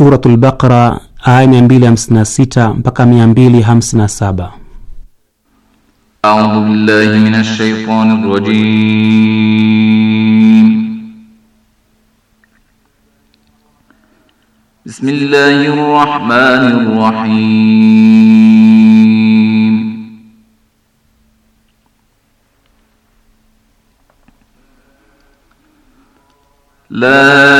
Suratul Baqara aya 256 mpaka 257. أعوذ بالله من الشيطان الرجيم بسم الله الرحمن الرحيم لا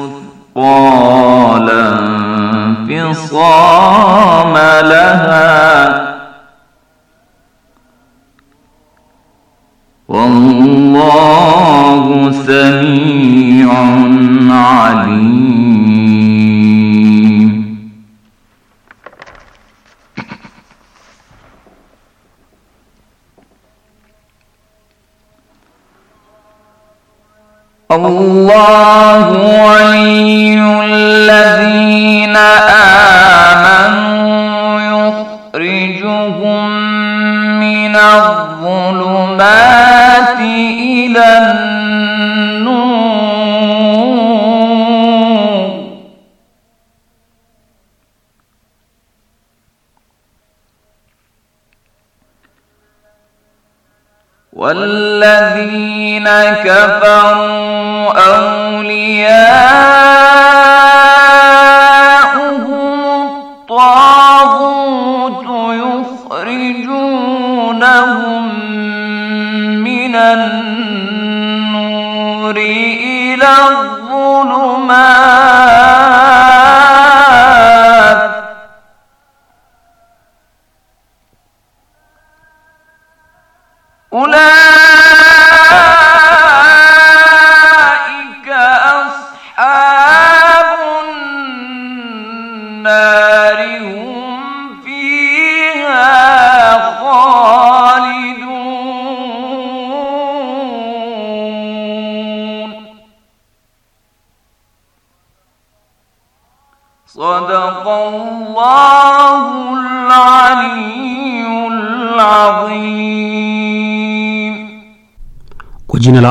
قال انفصام لها والله سميع عليم الله ولي الذين آمنوا يخرجهم من الظلمات إلى النور والذين كفروا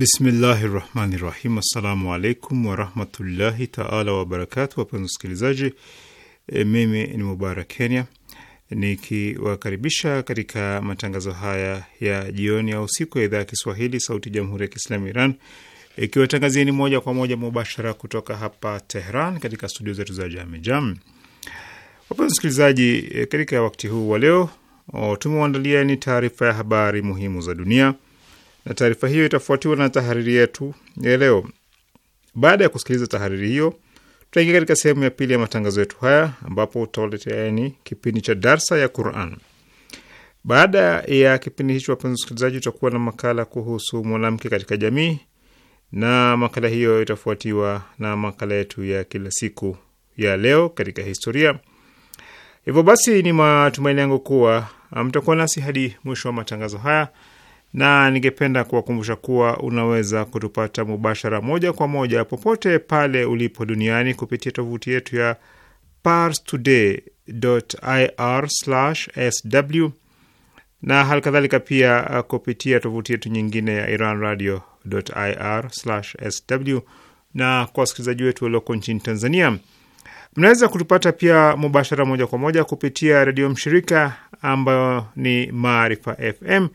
Bismillahi rahmani rahim. Assalamu alaikum warahmatullahi taala wabarakatu. Wapenzi wasikilizaji, e, mimi ni Mubarak Kenya nikiwakaribisha katika matangazo haya ya jioni au usiku ya idhaa ya Kiswahili sauti ya jamhuri ya Kiislamu Iran ikiwatangazieni e, moja kwa moja mubashara kutoka hapa Tehran katika studio zetu za Jamejam. Wapenzi wasikilizaji, eh, katika wakti huu wa leo oh, ni taarifa ya habari muhimu za dunia na taarifa hiyo itafuatiwa na tahariri yetu ya leo. Baada ya kusikiliza tahariri hiyo, tutaingia katika sehemu ya pili ya matangazo yetu haya ambapo utawaleteani yaani kipindi cha darsa ya Quran. Baada ya kipindi hicho, wapenzi wasikilizaji, utakuwa na makala kuhusu mwanamke katika jamii, na makala hiyo itafuatiwa na makala yetu ya kila siku ya leo katika historia. Hivyo basi, ni matumaini yangu kuwa mtakuwa nasi hadi mwisho wa matangazo haya na ningependa kuwakumbusha kuwa unaweza kutupata mubashara moja kwa moja popote pale ulipo duniani kupitia tovuti yetu ya parstoday.ir/sw na hali kadhalika pia uh, kupitia tovuti yetu nyingine ya iranradio.ir/sw. Na kwa wasikilizaji wetu walioko nchini Tanzania, mnaweza kutupata pia mubashara moja kwa moja kupitia redio mshirika ambayo ni Maarifa FM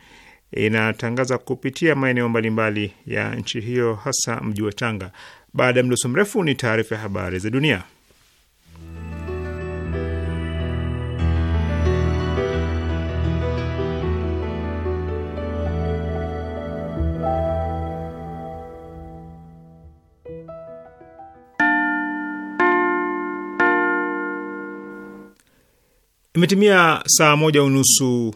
inatangaza kupitia maeneo mbalimbali ya nchi hiyo, hasa mji wa Tanga. Baada ya mdoso mrefu, ni taarifa ya habari za dunia. Imetimia saa moja unusu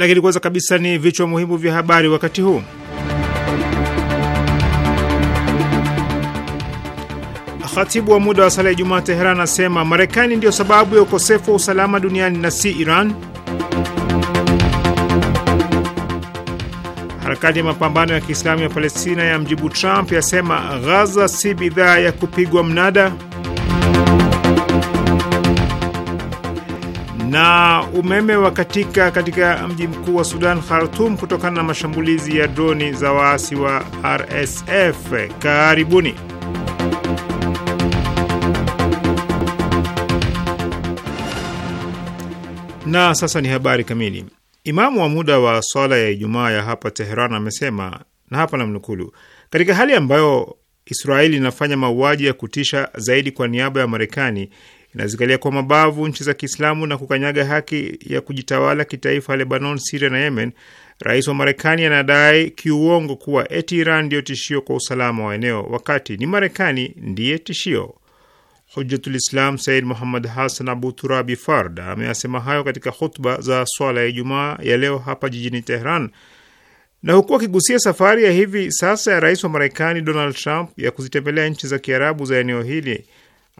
Lakini kwanza kabisa ni vichwa muhimu vya habari wakati huu. Khatibu wa muda wa sala ya jumaa Teheran anasema Marekani ndiyo sababu ya ukosefu wa usalama duniani na si Iran. Harakati ya mapambano ya Kiislamu ya Palestina ya mjibu Trump yasema Ghaza si bidhaa ya kupigwa mnada. na umeme wa katika katika mji mkuu wa Sudan Khartoum kutokana na mashambulizi ya droni za waasi wa RSF. Karibuni. Na sasa ni habari kamili. Imamu wa muda wa swala ya Ijumaa ya hapa Teheran amesema, na hapa namnukulu, katika hali ambayo Israeli inafanya mauaji ya kutisha zaidi kwa niaba ya Marekani inazikalia kwa mabavu nchi za Kiislamu na kukanyaga haki ya kujitawala kitaifa Lebanon, Siria na Yemen, rais wa Marekani anadai kiuongo kuwa eti Iran ndiyo tishio kwa usalama wa eneo, wakati ni Marekani ndiye tishio. Hujjatulislam Said Muhammad Hassan Abu Turabi Fard ameyasema hayo katika hutuba za swala ya Ijumaa ya leo hapa jijini Tehran, na huku akigusia safari ya hivi sasa ya rais wa Marekani Donald Trump ya kuzitembelea nchi za Kiarabu za eneo hili,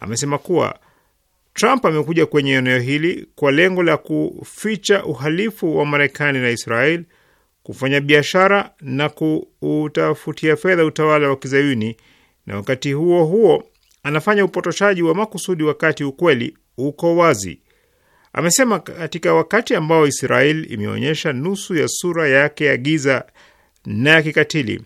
amesema kuwa Trump amekuja kwenye eneo hili kwa lengo la kuficha uhalifu wa Marekani na Israel, kufanya biashara na kuutafutia fedha utawala wa kizayuni, na wakati huo huo anafanya upotoshaji wa makusudi wakati ukweli uko wazi, amesema. Katika wakati ambao Israel imeonyesha nusu ya sura yake ya giza na ya kikatili,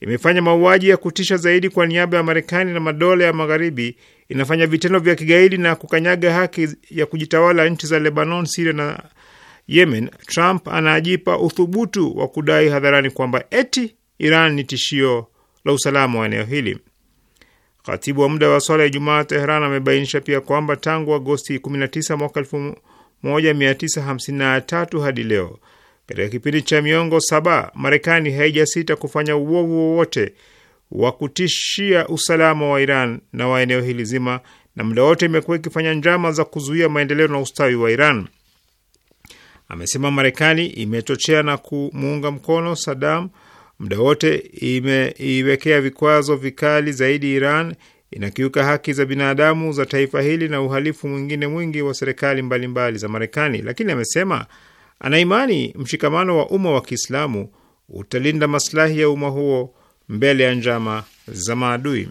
imefanya mauaji ya kutisha zaidi kwa niaba ya Marekani na madola ya Magharibi inafanya vitendo vya kigaidi na kukanyaga haki ya kujitawala nchi za Lebanon, Siria na Yemen, Trump anajipa uthubutu wa kudai hadharani kwamba eti Iran ni tishio la usalama wa eneo hili. Katibu wa muda wa swala ya Ijumaa Tehran amebainisha pia kwamba tangu Agosti 19 mwaka 1953 hadi leo, katika kipindi cha miongo saba, Marekani haijasita kufanya uovu wowote wa kutishia usalama wa Iran na wa eneo hili zima, na muda wote imekuwa ikifanya njama za kuzuia maendeleo na ustawi wa Iran. Amesema Marekani imechochea na kumuunga mkono Sadam, muda wote imeiwekea vikwazo vikali zaidi Iran, inakiuka haki za binadamu za taifa hili na uhalifu mwingine mwingi wa serikali mbalimbali za Marekani. Lakini amesema ana imani mshikamano wa umma wa Kiislamu utalinda maslahi ya umma huo mbele ya njama za maadui.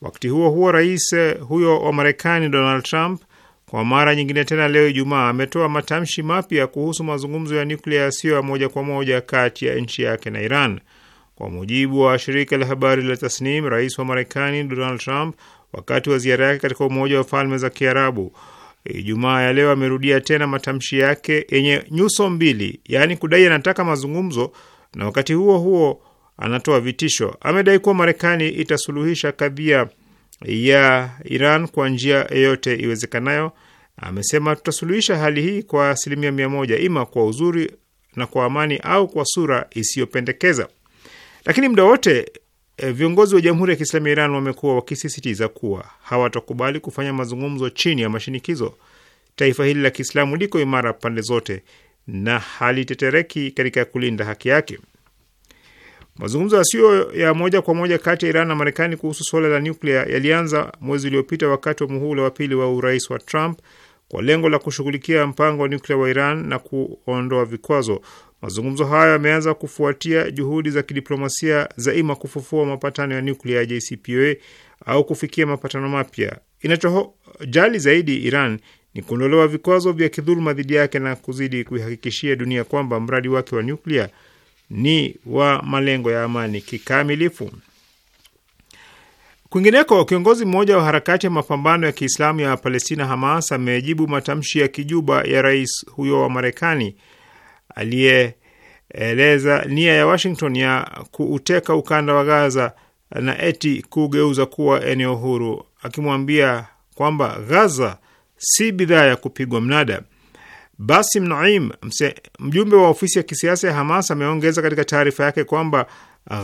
Wakati huo huo, rais huyo wa Marekani Donald Trump kwa mara nyingine tena leo Ijumaa ametoa matamshi mapya kuhusu mazungumzo ya nyuklia yasiyo ya moja kwa moja kati ya nchi yake na Iran. Kwa mujibu wa shirika la habari la Tasnim, rais wa Marekani Donald Trump wakati wa ziara yake katika Umoja wa Falme za Kiarabu Ijumaa ya leo amerudia tena matamshi yake yenye nyuso mbili, yaani kudai anataka mazungumzo na wakati huo huo anatoa vitisho. Amedai kuwa Marekani itasuluhisha kadhia ya Iran kwa njia yoyote iwezekanayo. Amesema tutasuluhisha hali hii kwa asilimia mia moja, ima kwa uzuri na kwa amani au kwa sura isiyopendekeza. Lakini muda wote eh, viongozi wa Jamhuri ya Kiislamu ya Iran wamekuwa wakisisitiza kuwa hawatakubali kufanya mazungumzo chini ya mashinikizo. Taifa hili la Kiislamu liko imara pande zote na halitetereki katika kulinda haki yake. Mazungumzo yasiyo ya moja kwa moja kati ya Iran na Marekani kuhusu suala la nyuklia yalianza mwezi uliopita wakati wa muhula wa pili wa urais wa Trump kwa lengo la kushughulikia mpango wa nyuklia wa Iran na kuondoa vikwazo. Mazungumzo hayo yameanza kufuatia juhudi za kidiplomasia za IMA kufufua mapatano ya nyuklia ya JCPOA au kufikia mapatano mapya. Inachojali zaidi Iran ni kuondolewa vikwazo vya kidhuluma dhidi yake na kuzidi kuihakikishia dunia kwamba mradi wake wa nyuklia ni wa malengo ya amani kikamilifu. Kwingineko, kiongozi mmoja wa harakati ya mapambano ya Kiislamu ya Palestina, Hamas, amejibu matamshi ya kijuba ya rais huyo wa Marekani aliyeeleza nia ya Washington ya kuuteka ukanda wa Gaza na eti kugeuza kuwa eneo huru, akimwambia kwamba Gaza si bidhaa ya kupigwa mnada. Basim Naim, mjumbe wa ofisi ya kisiasa ya Hamas, ameongeza katika taarifa yake kwamba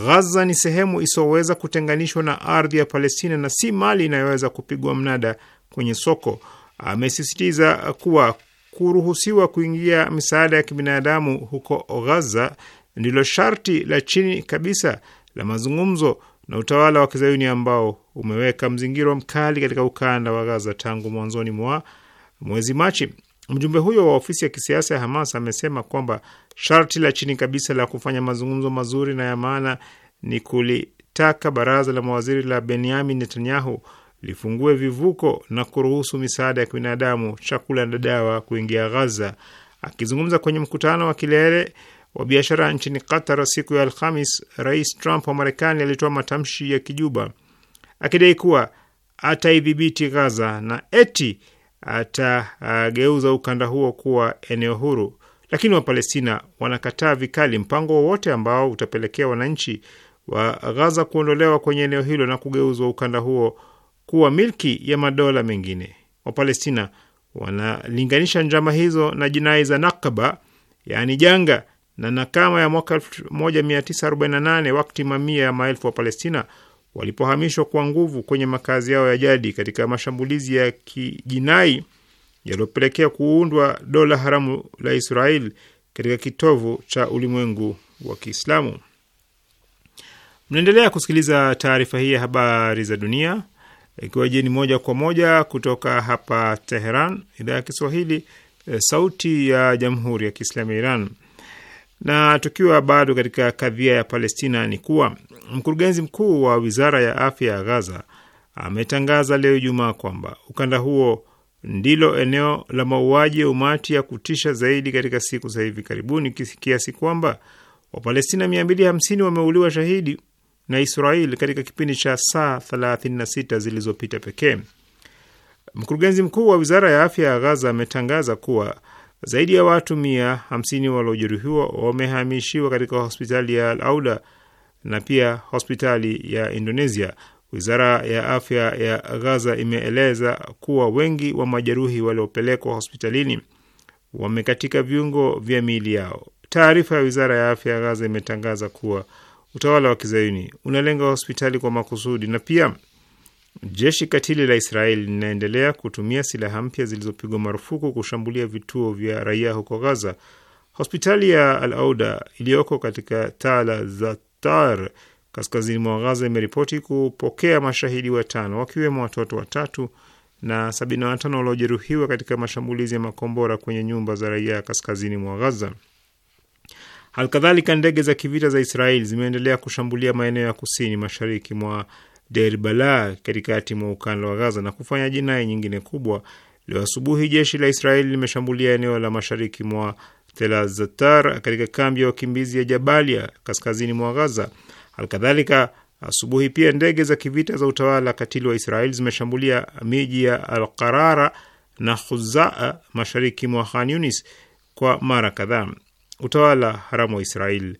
Ghaza ni sehemu isiyoweza kutenganishwa na ardhi ya Palestina na si mali inayoweza kupigwa mnada kwenye soko. Amesisitiza kuwa kuruhusiwa kuingia misaada ya kibinadamu huko Ghaza ndilo sharti la chini kabisa la mazungumzo na utawala wa kizayuni ambao umeweka mzingiro mkali katika ukanda wa Gaza tangu mwanzoni mwa mwezi Machi. Mjumbe huyo wa ofisi ya kisiasa ya Hamas amesema kwamba sharti la chini kabisa la kufanya mazungumzo mazuri na ya maana ni kulitaka baraza la mawaziri la Benyamin Netanyahu lifungue vivuko na kuruhusu misaada ya kibinadamu, chakula na dawa kuingia Ghaza. Akizungumza kwenye mkutano wa kilele wa biashara nchini Qatar siku ya Alhamis, Rais Trump wa Marekani alitoa matamshi ya kijuba akidai kuwa ataidhibiti Ghaza na eti atageuza ukanda huo kuwa eneo huru, lakini Wapalestina wanakataa vikali mpango wowote ambao utapelekea wananchi wa Gaza kuondolewa kwenye eneo hilo na kugeuzwa ukanda huo kuwa milki ya madola mengine. Wapalestina wanalinganisha njama hizo na jinai za Nakaba, yaani janga, na nakama ya mwaka 1948 wakati mamia ya maelfu wa Palestina walipohamishwa kwa nguvu kwenye makazi yao ya jadi katika mashambulizi ya kijinai yaliyopelekea kuundwa dola haramu la Israel katika kitovu cha ulimwengu wa Kiislamu. Mnaendelea kusikiliza taarifa hii ya habari za dunia ikiwa jeni moja kwa moja kutoka hapa Teheran, idhaa ya Kiswahili, eh, sauti ya jamhuri ya Kiislamu ya Iran. Na tukiwa bado katika kadhia ya Palestina ni kuwa mkurugenzi mkuu wa wizara ya afya ya Gaza ametangaza leo Ijumaa kwamba ukanda huo ndilo eneo la mauaji ya umati ya kutisha zaidi katika siku za hivi karibuni, kiasi kwamba Wapalestina 250 wameuliwa shahidi na Israel katika kipindi cha saa 36 zilizopita pekee. Mkurugenzi mkuu wa wizara ya afya ya Gaza ametangaza kuwa zaidi ya watu mia hamsini waliojeruhiwa wamehamishiwa katika hospitali ya Al Auda na pia hospitali ya Indonesia. Wizara ya afya ya Gaza imeeleza kuwa wengi wa majeruhi waliopelekwa hospitalini wamekatika viungo vya miili yao. Taarifa ya wizara ya afya ya Gaza imetangaza kuwa utawala wa kizayuni unalenga hospitali kwa makusudi na pia Jeshi katili la Israeli linaendelea kutumia silaha mpya zilizopigwa marufuku kushambulia vituo vya raia huko Gaza. Hospitali ya Al Auda iliyoko katika Tala Zatar kaskazini mwa Gaza imeripoti kupokea mashahidi watano wakiwemo watoto watatu na 75 waliojeruhiwa katika mashambulizi ya makombora kwenye nyumba za raia kaskazini mwa Gaza. Halikadhalika, ndege za kivita za Israeli zimeendelea kushambulia maeneo ya kusini mashariki mwa Deir Bala katikati mwa ukanda wa Gaza na kufanya jinai nyingine kubwa. Leo asubuhi jeshi la Israeli limeshambulia eneo la mashariki mwa Tel Azatar katika kambi ya wakimbizi ya Jabalia kaskazini mwa Gaza. alkadhalika asubuhi pia ndege za kivita za utawala katili wa Israeli zimeshambulia miji ya Alqarara na Khuzaa mashariki mwa Khan Yunis kwa mara kadhaa. Utawala haramu wa Israeli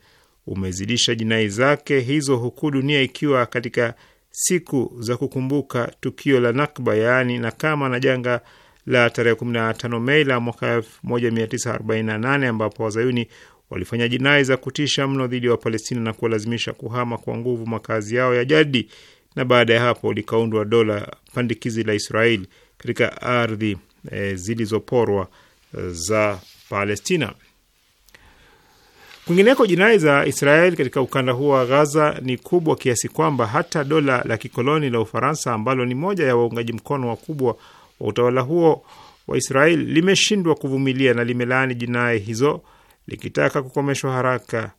umezidisha jinai zake hizo huku dunia ikiwa katika siku za kukumbuka tukio la Nakba, yaani nakama na janga la tarehe 15 Mei la mwaka 1948 ambapo wazayuni walifanya jinai za kutisha mno dhidi ya Wapalestina na kuwalazimisha kuhama kwa nguvu makazi yao ya jadi, na baada ya hapo likaundwa dola pandikizi la Israeli katika ardhi e, zilizoporwa eh, za Palestina. Kwingineko, jinai za Israel katika ukanda huo wa Gaza ni kubwa kiasi kwamba hata dola la kikoloni la Ufaransa ambalo ni moja ya waungaji mkono wakubwa wa utawala huo wa Israel limeshindwa kuvumilia na limelaani jinai hizo likitaka kukomeshwa haraka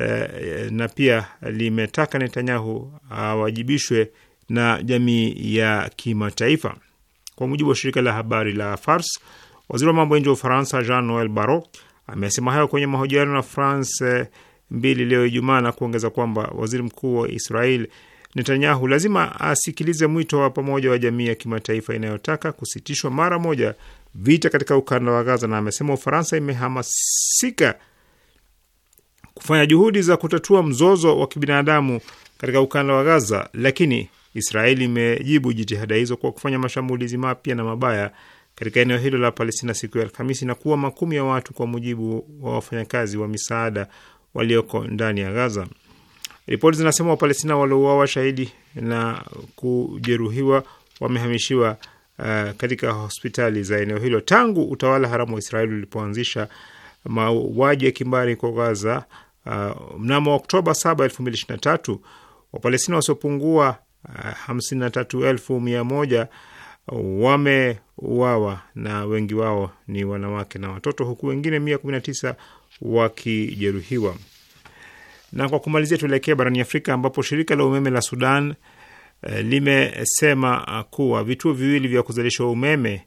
eh, na pia limetaka Netanyahu awajibishwe na jamii ya kimataifa. Kwa mujibu wa shirika la habari la Fars, waziri wa mambo ya nje wa Ufaransa Jean Noel Barrot Amesema hayo kwenye mahojiano na France eh, mbili leo Ijumaa na kuongeza kwamba waziri mkuu wa Israel Netanyahu lazima asikilize mwito wa pamoja wa jamii ya kimataifa inayotaka kusitishwa mara moja vita katika ukanda wa Gaza, na amesema Ufaransa imehamasika kufanya juhudi za kutatua mzozo wa kibinadamu katika ukanda wa Gaza, lakini Israeli imejibu jitihada hizo kwa kufanya mashambulizi mapya na mabaya katika eneo hilo la Palestina siku ya Alhamisi na kuwa makumi ya watu, kwa mujibu wa wafanyakazi wa misaada walioko ndani ya Gaza. Ripoti zinasema Wapalestina waliouawa shahidi na kujeruhiwa wamehamishiwa uh, katika hospitali za eneo hilo. Tangu utawala haramu wa Israeli ulipoanzisha mauaji ya kimbari kwa Gaza uh, mnamo Oktoba 7, 2023 Wapalestina wasiopungua uh, 53,100 wameuawa na wengi wao ni wanawake na watoto, huku wengine mia kumi na tisa wakijeruhiwa. Na kwa kumalizia, tuelekee barani Afrika ambapo shirika la umeme la Sudan eh, limesema ah, kuwa vituo viwili vya kuzalisha umeme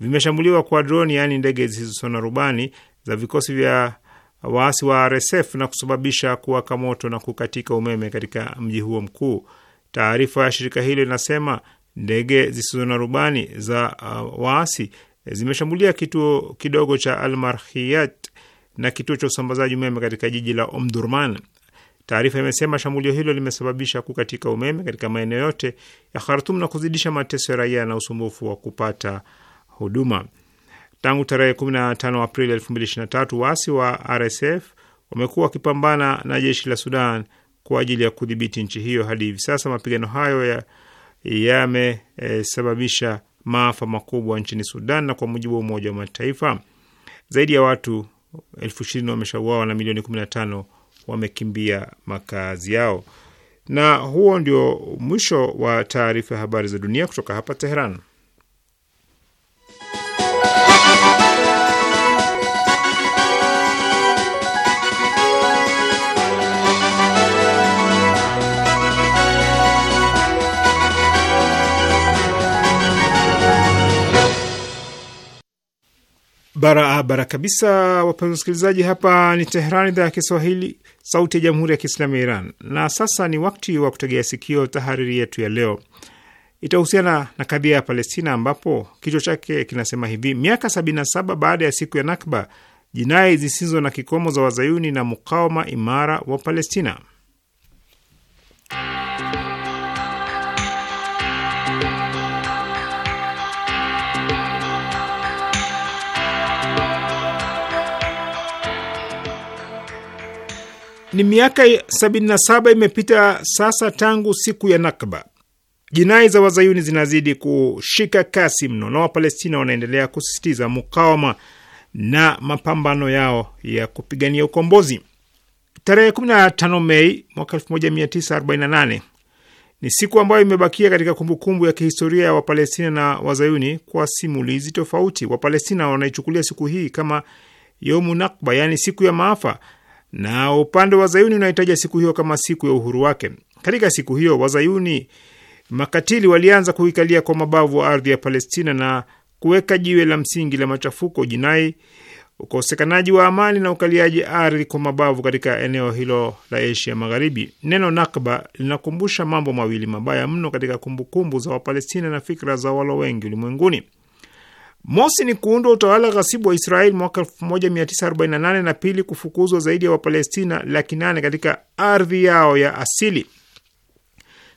vimeshambuliwa kwa droni, yaani ndege zisizo na rubani za vikosi vya waasi wa RSF na kusababisha kuwaka moto na kukatika umeme katika mji huo mkuu. Taarifa ya shirika hilo inasema ndege zisizo na rubani za uh, waasi eh, zimeshambulia kituo kidogo cha Almarhiyat na kituo cha usambazaji umeme katika jiji la Omdurman. Umm Taarifa imesema shambulio hilo limesababisha kukatika umeme katika maeneo yote ya Khartum na kuzidisha mateso ya raia na usumbufu wa kupata huduma. Tangu tarehe 15 Aprili 2023 waasi wa RSF wamekuwa wakipambana na jeshi la Sudan kwa ajili ya kudhibiti nchi hiyo. Hadi hivi sasa mapigano hayo ya yamesababisha e, maafa makubwa nchini Sudan, na kwa mujibu wa Umoja wa Mataifa zaidi ya watu elfu ishirini wameshauawa na milioni 15 wamekimbia makazi yao. Na huo ndio mwisho wa taarifa ya habari za dunia kutoka hapa Teheran. Barabara kabisa, wapenzi wasikilizaji, hapa ni Teheran, idhaa ya Kiswahili, sauti ya jamhuri ya kiislamu ya Iran. Na sasa ni wakati wa kutegea sikio. Tahariri yetu ya leo itahusiana na kadhia ya Palestina, ambapo kichwa chake kinasema hivi: miaka 77 baada ya siku ya Nakba, jinai zisizo na kikomo za wazayuni na mukawama imara wa Palestina. Ni miaka 77 imepita sasa tangu siku ya Nakba. Jinai za wazayuni zinazidi kushika kasi mno na Wapalestina wanaendelea kusisitiza mukawama na mapambano yao ya kupigania ukombozi. Tarehe 15 Mei mwaka 1948 ni siku ambayo imebakia katika kumbukumbu ya kihistoria ya Wapalestina na wazayuni kwa simulizi tofauti. Wapalestina wanaichukulia siku hii kama yomu Nakba, yaani siku ya maafa na upande wa Zayuni unahitaja siku hiyo kama siku ya uhuru wake. Katika siku hiyo Wazayuni makatili walianza kuikalia kwa mabavu wa ardhi ya Palestina na kuweka jiwe la msingi la machafuko, jinai, ukosekanaji wa amani na ukaliaji ardhi kwa mabavu katika eneo hilo la Asia Magharibi. Neno Nakba linakumbusha mambo mawili mabaya mno katika kumbukumbu za Wapalestina na fikra za walo wengi ulimwenguni. Mosi ni kuundwa utawala ghasibu wa Israeli mwaka 1948 na pili, kufukuzwa zaidi ya Wapalestina laki nane katika ardhi yao ya asili.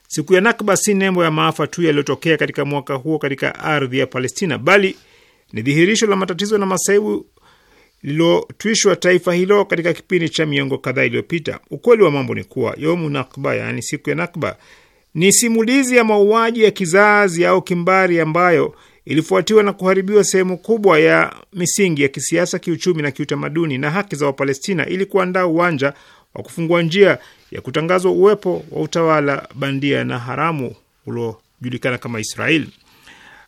Siku ya Nakba si nembo ya maafa tu yaliyotokea katika mwaka huo katika ardhi ya Palestina, bali ni dhihirisho la matatizo na masaibu lilotwishwa taifa hilo katika kipindi cha miongo kadhaa iliyopita. Ukweli wa mambo ni kuwa yomu Nakba, yaani siku ya Nakba, ni simulizi ya mauaji ya kizazi au kimbari ambayo ilifuatiwa na kuharibiwa sehemu kubwa ya misingi ya kisiasa, kiuchumi na kiutamaduni na haki za Wapalestina ili kuandaa uwanja wa kufungua njia ya kutangazwa uwepo wa utawala bandia na haramu uliojulikana kama israel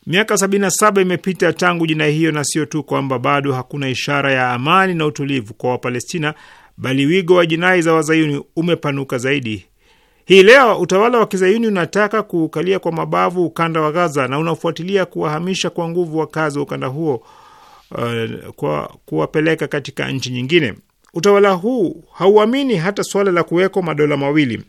Miaka 77 imepita tangu jinai hiyo, na sio tu kwamba bado hakuna ishara ya amani na utulivu kwa Wapalestina, bali wigo wa jinai za wazayuni umepanuka zaidi hii leo utawala wa kizayuni unataka kuukalia kwa mabavu ukanda wa Gaza na unafuatilia kuwahamisha kwa nguvu wakazi wa ukanda huo uh, kwa kuwapeleka katika nchi nyingine. Utawala huu hauamini hata suala la kuwekwa madola mawili.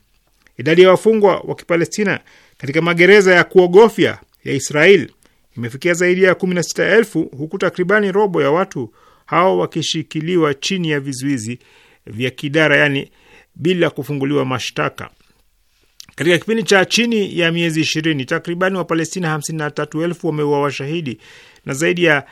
Idadi ya wafungwa wa Kipalestina katika magereza ya kuogofya ya Israel imefikia zaidi ya 16,000 huku takribani robo ya watu hao wakishikiliwa chini ya vizuizi vya kidara, yani bila kufunguliwa mashtaka. Katika kipindi cha chini ya miezi ishirini, takribani Wapalestina hamsini na tatu elfu wameuawa washahidi na zaidi ya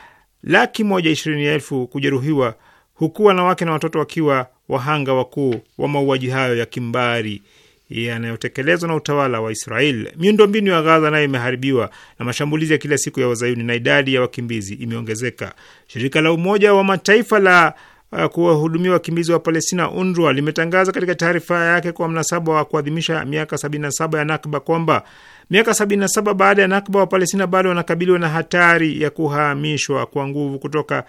laki moja ishirini elfu kujeruhiwa, huku wanawake na watoto wakiwa wahanga wakuu wa mauaji hayo ya kimbari yanayotekelezwa na utawala wa Israel. Miundombinu ya Gaza nayo imeharibiwa na mashambulizi ya kila siku ya Wazayuni na idadi ya wakimbizi imeongezeka. Shirika la Umoja wa Mataifa la Uh, kuwahudumia wakimbizi wa Palestina, UNRWA limetangaza katika taarifa yake kwa mnasaba wa kuadhimisha miaka 77 ya Nakba kwamba miaka 77 baada ya Nakba, wa palestina bado wanakabiliwa na hatari ya kuhamishwa kwa nguvu kutoka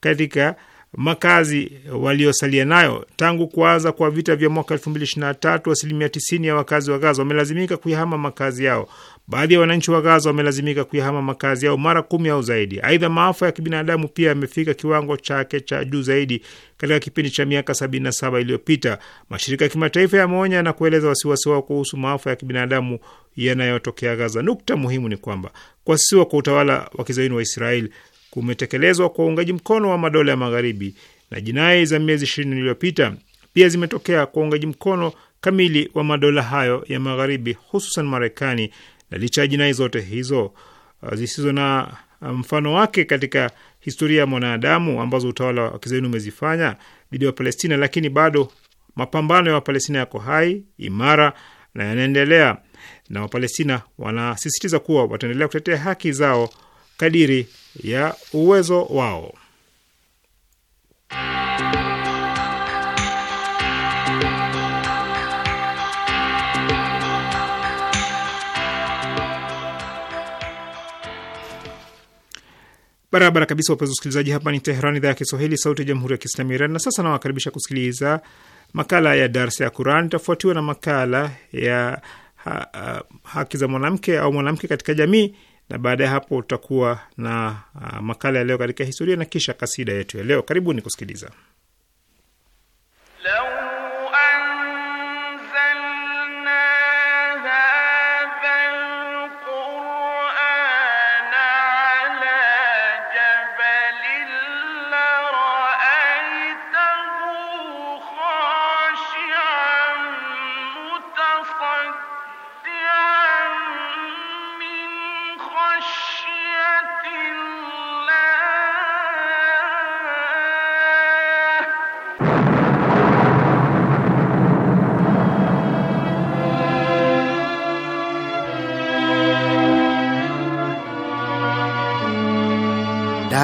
katika makazi waliosalia nayo. Tangu kuanza kwa vita vya mwaka 2023 asilimia 90 ya wakazi wa Gaza wamelazimika kuyahama makazi yao. Baadhi ya wananchi wa Gaza wamelazimika kuyahama makazi yao mara kumi au zaidi. Aidha, maafa ya kibinadamu pia yamefika kiwango chake cha juu zaidi katika kipindi cha miaka 77 iliyopita. Mashirika ya kimataifa yameonya na kueleza wasiwasi wao kuhusu maafa ya kibinadamu yanayotokea Gaza. Nukta muhimu ni kwamba kuasisiwa kwa utawala wa kizaini wa Israeli kumetekelezwa kwa uungaji mkono wa madola ya magharibi na jinai za miezi ishirini iliyopita pia zimetokea kwa uungaji mkono kamili wa madola hayo ya magharibi, hususan Marekani. Na licha ya jinai zote hizo uh, zisizo na uh, mfano wake katika historia ya mwanadamu ambazo utawala wa kizayuni umezifanya dhidi ya Wapalestina, lakini bado mapambano ya Wapalestina yako hai, imara na yanaendelea, na Wapalestina wanasisitiza kuwa wataendelea kutetea haki zao kadiri ya uwezo wao. Barabara kabisa, wapenzi wasikilizaji, hapa ni Teherani, idhaa ya Kiswahili, sauti ya jamhuri ya kiislamu ya Iran. Na sasa nawakaribisha kusikiliza makala ya darsa ya Quran, itafuatiwa na makala ya ha, ha, haki za mwanamke au mwanamke katika jamii na baada ya hapo utakuwa na uh, makala ya leo katika historia na kisha kasida yetu ya leo. Karibuni kusikiliza.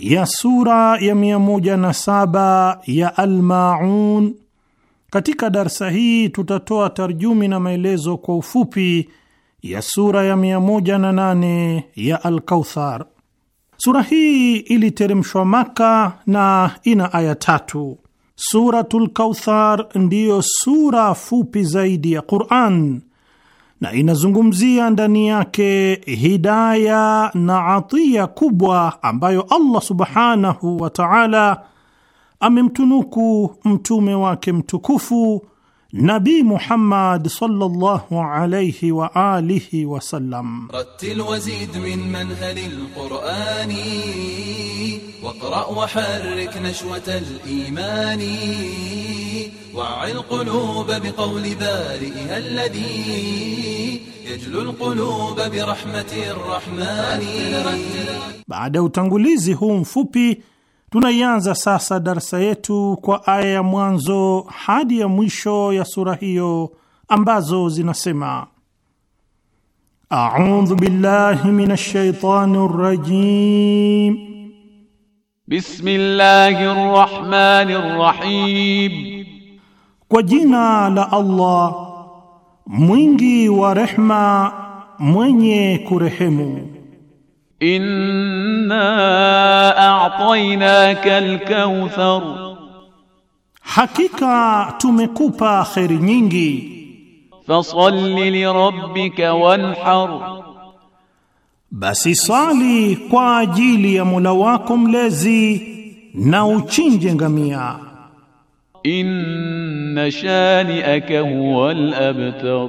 ya sura ya saba ya Almaun. Katika darsa hii tutatoa tarjumi na maelezo kwa ufupi ya sura ya nane ya alkauthar Sura hii iliteremshwa Maka na ina aya tatu. Suratul Kauthar ndiyo sura fupi zaidi ya Qur'an na inazungumzia ndani yake hidaya na atiya kubwa ambayo Allah subhanahu wa ta'ala amemtunuku mtume wake mtukufu نبي محمد صلى الله عليه وآله وسلم رتل وزيد من منهل القرآن واقرأ وحرك نشوة الإيمان وعي القلوب بقول بارئها الذي يجلو القلوب برحمة الرحمن بعد utangulizi huu mfupi Tunaianza sasa darsa yetu kwa aya ya mwanzo hadi ya mwisho ya sura hiyo ambazo zinasema: audhu billahi min shaitani rajim, bismillahir rahmani rahim, kwa jina la Allah mwingi wa rehma mwenye kurehemu. Inna a'tainaka al-kauthar, hakika tumekupa kheri nyingi. Fasalli li rabbika wanhar, basi sali kwa ajili ya Mola wako mlezi na uchinje ngamia. Inna shani'aka huwal abtar,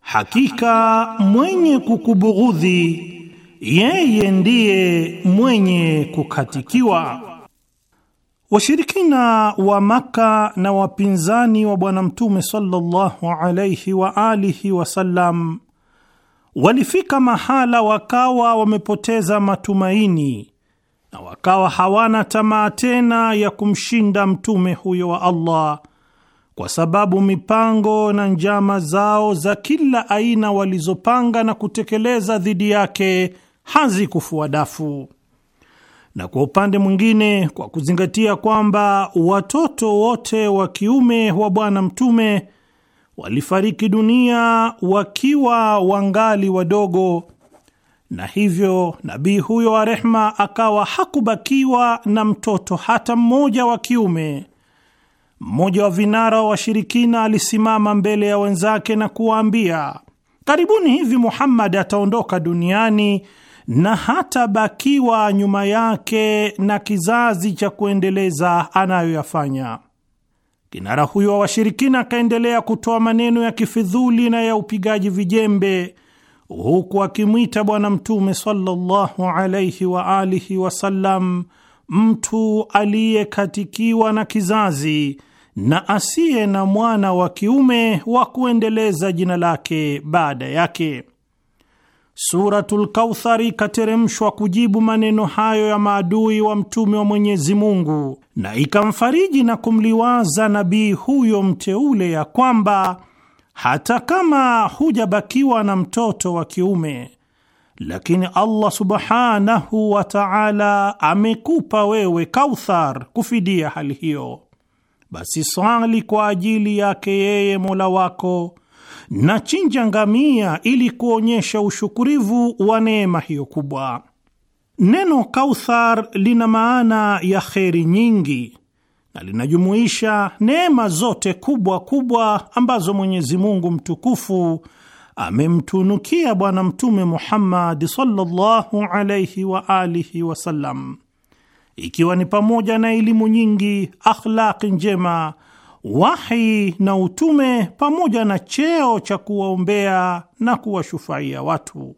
hakika mwenye kukubughudhi yeye ndiye mwenye kukatikiwa. Washirikina wa Maka na wapinzani wa Bwana Mtume sallallahu alaihi wa alihi wasallam walifika mahala wakawa wamepoteza matumaini na wakawa hawana tamaa tena ya kumshinda mtume huyo wa Allah kwa sababu mipango na njama zao za kila aina walizopanga na kutekeleza dhidi yake hazikufua dafu. Na kwa upande mwingine, kwa kuzingatia kwamba watoto wote wa kiume wa Bwana Mtume walifariki dunia wakiwa wangali wadogo, na hivyo nabii huyo wa rehma akawa hakubakiwa na mtoto hata mmoja wa kiume. Mmoja wa vinara wa washirikina alisimama mbele ya wenzake na kuwaambia, karibuni hivi Muhammad ataondoka duniani na hatabakiwa nyuma yake na kizazi cha kuendeleza anayoyafanya. Kinara huyo wa washirikina akaendelea kutoa maneno ya kifidhuli na ya upigaji vijembe, huku akimwita Bwana Mtume sallallahu alaihi wa alihi wasallam mtu aliyekatikiwa na kizazi na asiye na mwana wa kiume wa kuendeleza jina lake baada yake. Suratul Kauthari ikateremshwa kujibu maneno hayo ya maadui wa mtume wa Mwenyezi Mungu, na ikamfariji na kumliwaza nabii huyo mteule ya kwamba hata kama hujabakiwa na mtoto wa kiume, lakini Allah subhanahu wa ta'ala amekupa wewe Kauthar kufidia hali hiyo, basi sali kwa ajili yake yeye Mola wako nachinja ngamia ili kuonyesha ushukurivu wa neema hiyo kubwa. Neno Kauthar lina maana ya kheri nyingi na linajumuisha neema zote kubwa kubwa ambazo Mwenyezi Mungu mtukufu amemtunukia Bwana Mtume Muhammad sallallahu alayhi wa alihi wasallam, ikiwa ni pamoja na elimu nyingi, akhlaqi njema wahi na utume pamoja na cheo cha kuwaombea na kuwashufaia watu.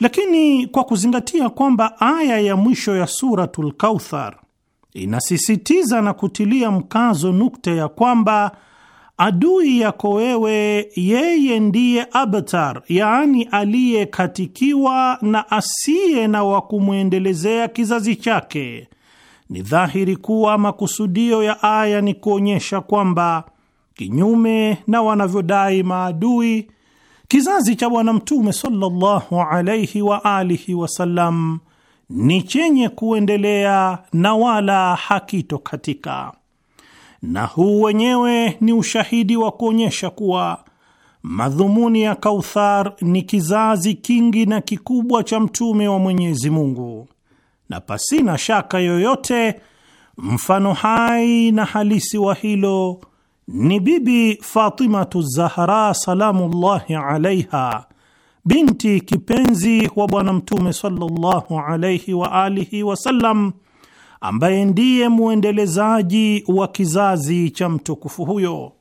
Lakini kwa kuzingatia kwamba aya ya mwisho ya Suratul Kauthar inasisitiza na kutilia mkazo nukta ya kwamba adui yako wewe yeye ndiye abtar, yaani aliyekatikiwa na asiye na wa kumwendelezea kizazi chake ni dhahiri kuwa makusudio ya aya ni kuonyesha kwamba kinyume na wanavyodai maadui, kizazi cha Bwana Mtume sallallahu alaihi wa alihi wasallam ni chenye kuendelea na wala hakitokatika, na huu wenyewe ni ushahidi wa kuonyesha kuwa madhumuni ya Kauthar ni kizazi kingi na kikubwa cha mtume wa Mwenyezi Mungu na pasina shaka yoyote mfano hai na halisi wa hilo ni Bibi Fatimatu Zahra salamullahi alaiha, binti kipenzi wa Bwana Mtume sallallahu alaihi wa alihi wasallam, ambaye ndiye mwendelezaji wa kizazi cha mtukufu huyo,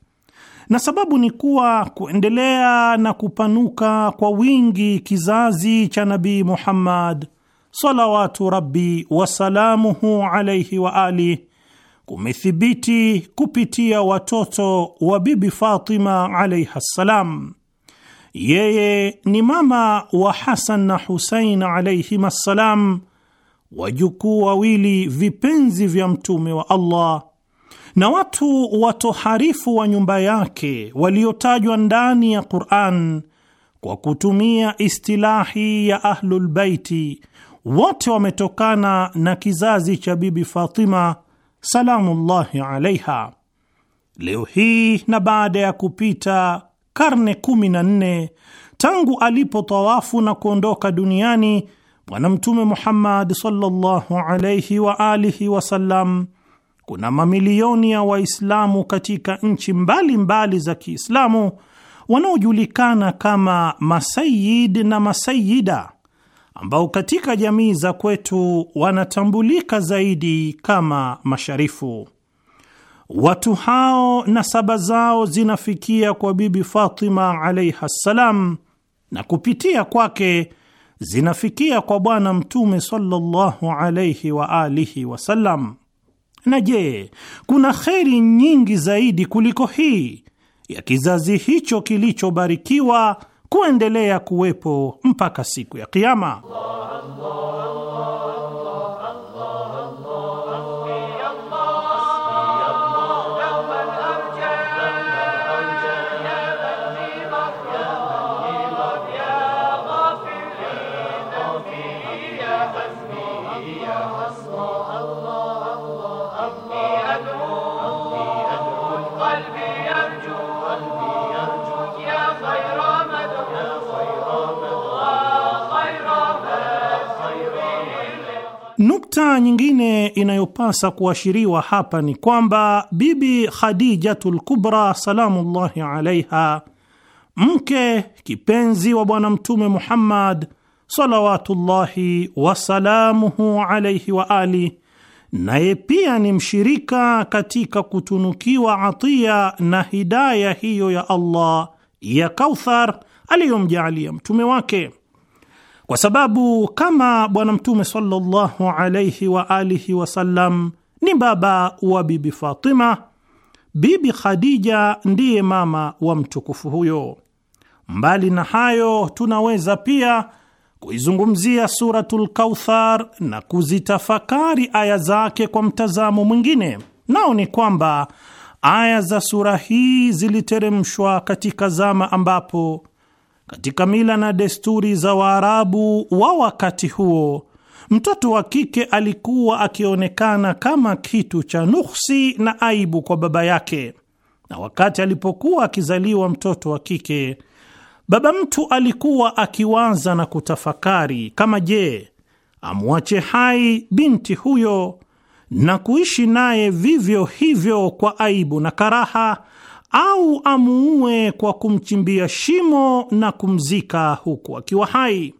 na sababu ni kuwa kuendelea na kupanuka kwa wingi kizazi cha Nabii Muhammad salawatu rabbi wasalamuhu alaihi wa ali kumethibiti kupitia watoto wa Bibi Fatima alaihi ssalam. Yeye ni mama wa Hasan na Husein alaihim assalam, wajukuu wawili vipenzi vya Mtume wa Allah na watu watoharifu wa nyumba yake waliotajwa ndani ya Qur'an kwa kutumia istilahi ya baiti wote wametokana na kizazi cha Bibi Fatima salamullahi alaiha. Leo hii na baada ya kupita karne kumi na nne tangu alipotawafu na kuondoka duniani Bwana Mtume Muhammad sallallahu alaihi wa alihi wasallam, kuna mamilioni ya Waislamu katika nchi mbalimbali za Kiislamu wanaojulikana kama masayid na masayida ambao katika jamii za kwetu wanatambulika zaidi kama masharifu. Watu hao nasaba zao zinafikia kwa Bibi Fatima alaiha ssalam, na kupitia kwake zinafikia kwa Bwana Mtume sallallahu alaihi wa alihi wasallam. Na je, kuna kheri nyingi zaidi kuliko hii ya kizazi hicho kilichobarikiwa kuendelea kuwepo mpaka siku ya Kiama. Allah, Allah, Allah. Nukta nyingine inayopasa kuashiriwa hapa ni kwamba Bibi Khadijatul Kubra salamullahi alaiha, mke kipenzi wa Bwana Mtume Muhammad salawatullahi wasalamuhu alaihi wa ali, naye pia ni mshirika katika kutunukiwa atiya na hidaya hiyo ya Allah ya Kauthar aliyomjaalia mtume wake kwa sababu kama Bwana Mtume sallallahu alaihi wa alihi wasallam ni baba wa Bibi Fatima, Bibi Khadija ndiye mama wa mtukufu huyo. Mbali na hayo, tunaweza pia kuizungumzia Suratul Kauthar na kuzitafakari aya zake kwa mtazamo mwingine, nao ni kwamba aya za sura hii ziliteremshwa katika zama ambapo katika mila na desturi za Waarabu wa wakati huo, mtoto wa kike alikuwa akionekana kama kitu cha nuksi na aibu kwa baba yake, na wakati alipokuwa akizaliwa mtoto wa kike, baba mtu alikuwa akiwaza na kutafakari kama, je, amwache hai binti huyo na kuishi naye vivyo hivyo kwa aibu na karaha au amuue kwa kumchimbia shimo na kumzika huku akiwa hai.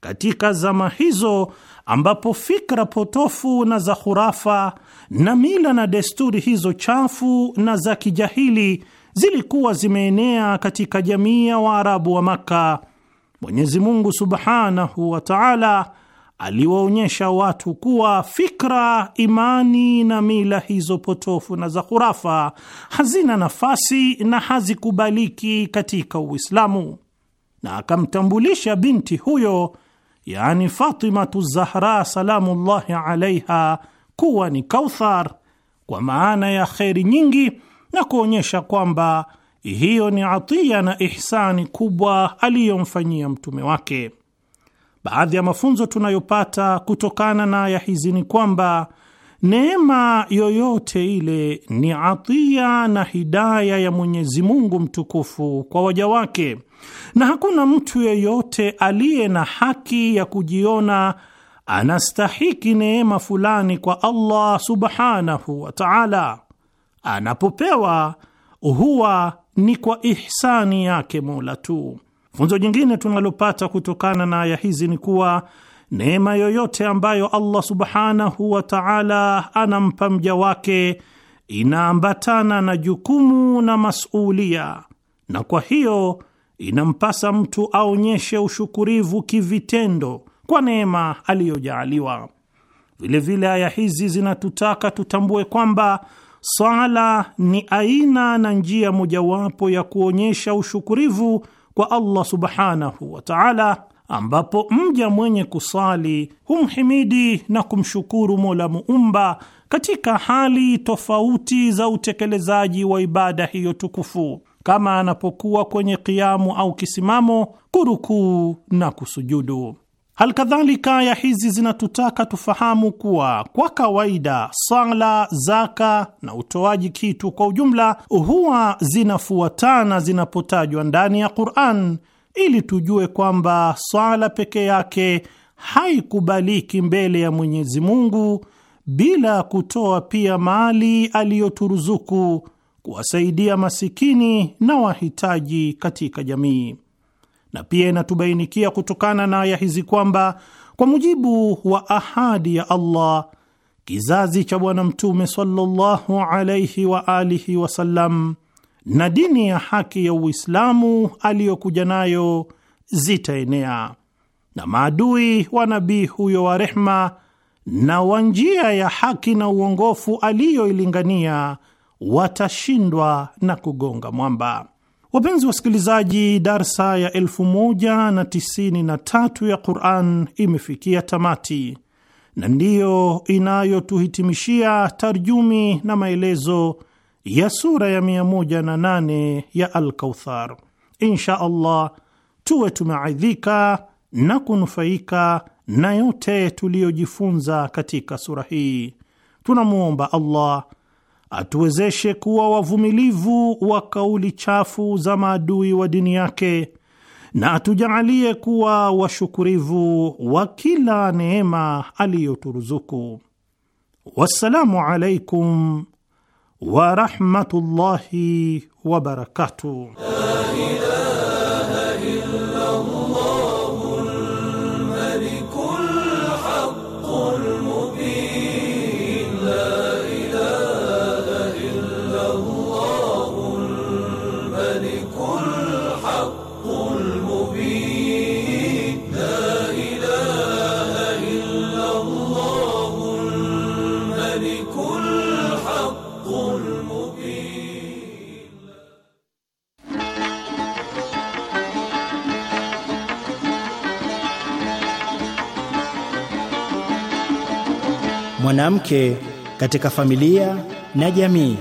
Katika zama hizo ambapo fikra potofu na za hurafa na mila na desturi hizo chafu na za kijahili zilikuwa zimeenea katika jamii ya Waarabu wa Makka, Mwenyezi Mungu subhanahu wa taala aliwaonyesha watu kuwa fikra, imani na mila hizo potofu na za khurafa hazina nafasi na hazikubaliki katika Uislamu, na akamtambulisha binti huyo, yani Fatimatu Zahra salamullahi alaiha, kuwa ni Kauthar kwa maana ya kheri nyingi, na kuonyesha kwamba hiyo ni atiya na ihsani kubwa aliyomfanyia mtume wake. Baadhi ya mafunzo tunayopata kutokana na aya hizi ni kwamba neema yoyote ile ni atiya na hidaya ya Mwenyezi Mungu mtukufu kwa waja wake, na hakuna mtu yeyote aliye na haki ya kujiona anastahiki neema fulani kwa Allah subhanahu wa ta'ala. Anapopewa huwa ni kwa ihsani yake Mola tu. Funzo jingine tunalopata kutokana na aya hizi ni kuwa neema yoyote ambayo Allah subhanahu wa ta'ala anampa mja wake inaambatana na jukumu na masulia, na kwa hiyo inampasa mtu aonyeshe ushukurivu kivitendo kwa neema aliyojaaliwa. Vilevile aya hizi zinatutaka tutambue kwamba swala ni aina na njia mojawapo ya kuonyesha ushukurivu kwa Allah subhanahu wa ta'ala, ambapo mja mwenye kusali humhimidi na kumshukuru Mola muumba katika hali tofauti za utekelezaji wa ibada hiyo tukufu, kama anapokuwa kwenye kiamu au kisimamo, kurukuu na kusujudu. Halkadhalika, aya hizi zinatutaka tufahamu kuwa kwa kawaida sala, zaka na utoaji kitu kwa ujumla huwa zinafuatana zinapotajwa ndani ya Qur'an, ili tujue kwamba sala peke yake haikubaliki mbele ya Mwenyezi Mungu bila kutoa pia mali aliyoturuzuku kuwasaidia masikini na wahitaji katika jamii na pia inatubainikia kutokana na aya hizi kwamba kwa mujibu wa ahadi ya Allah kizazi cha Bwana Mtume sallallahu alaihi wa alihi wasallam na dini ya haki ya Uislamu aliyokuja nayo zitaenea na maadui wa nabii huyo wa rehma na wa njia ya haki na uongofu aliyoilingania watashindwa na kugonga mwamba. Wapenzi wasikilizaji, darsa ya 193 ya Quran imefikia tamati na ndiyo inayotuhitimishia tarjumi na maelezo ya sura ya 108 ya Alkauthar. Insha Allah tuwe tumeaidhika na kunufaika na yote tuliyojifunza katika sura hii. Tunamwomba Allah atuwezeshe kuwa wavumilivu wa kauli chafu za maadui wa dini yake na atujaalie kuwa washukurivu wa kila neema aliyoturuzuku. Wassalamu alaikum warahmatullahi wabarakatuh. mwanamke katika familia na jamii.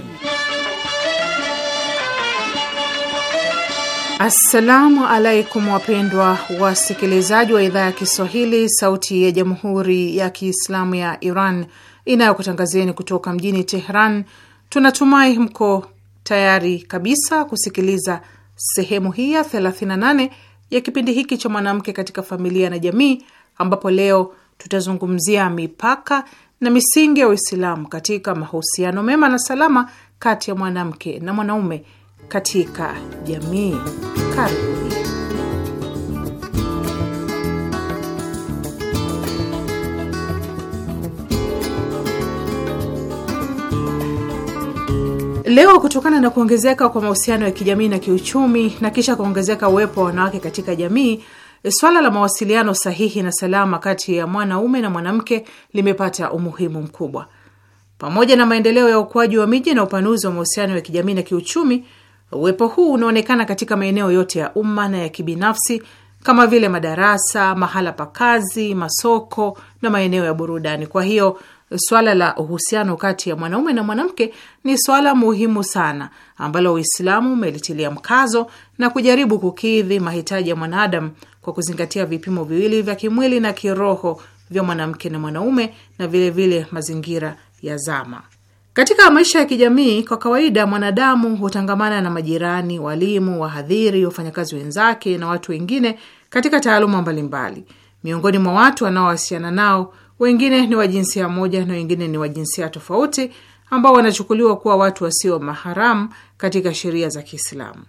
Assalamu alaikum wapendwa wasikilizaji wa idhaa ya Kiswahili, sauti ya jamhuri ya kiislamu ya Iran inayokutangazieni kutoka mjini Tehran. Tunatumai mko tayari kabisa kusikiliza sehemu hii ya 38 ya kipindi hiki cha mwanamke katika familia na jamii, ambapo leo tutazungumzia mipaka na misingi ya Uislamu katika mahusiano mema na salama kati ya mwanamke na mwanaume katika jamii. Karibuni. Leo kutokana na kuongezeka kwa mahusiano ya kijamii na kiuchumi na kisha kuongezeka uwepo wa wanawake katika jamii, Swala la mawasiliano sahihi na salama kati ya mwanaume na mwanamke limepata umuhimu mkubwa. Pamoja na maendeleo ya ukuaji wa miji na upanuzi wa mahusiano ya kijamii na kiuchumi, uwepo huu unaonekana katika maeneo yote ya umma na ya kibinafsi kama vile madarasa, mahala pa kazi, masoko na maeneo ya burudani. Kwa hiyo swala la uhusiano kati ya mwanaume na mwanamke ni swala muhimu sana ambalo Uislamu umelitilia mkazo na kujaribu kukidhi mahitaji ya mwanadamu kwa kuzingatia vipimo viwili vya kimwili na kiroho vya mwanamke na mwanaume na vilevile vile mazingira ya zama. Katika maisha ya kijamii, kwa kawaida mwanadamu hutangamana na majirani, walimu, wahadhiri, wafanyakazi wenzake na watu wengine katika taaluma mbalimbali. Miongoni mwa watu wanaowasiliana nao wengine ni wa jinsia moja na wengine ni wa jinsia tofauti, ambao wanachukuliwa kuwa watu wasio maharamu katika sheria za Kiislamu.